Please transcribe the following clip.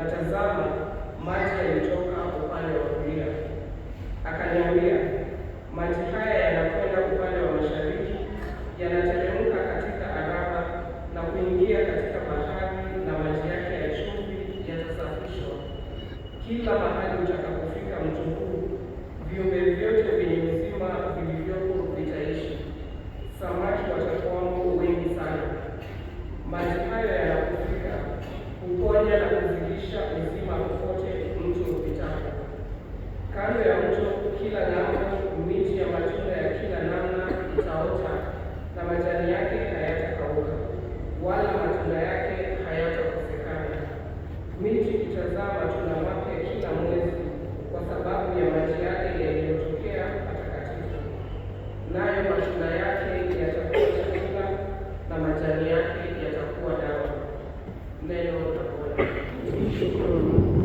na tazama, maji yalitoka upande wa kulia. Akaniambia, maji haya yanakwenda upande wa mashariki, yanateremka katika Araba na kuingia katika bahari, na maji yake ya chumvi yatasafishwa. Kila mahali utakapofika mtu mto kila namna, miti ya matunda ya kila namna itaota, na majani yake hayatakauka, wala matunda yake hayatakosekana. Miti itazaa matunda mapya kila mwezi, kwa sababu ya maji yake yaliyotokea patakatifu, nayo matunda yake yatakuwa chakula na majani yake yatakuwa dawa. Neno la Bwana.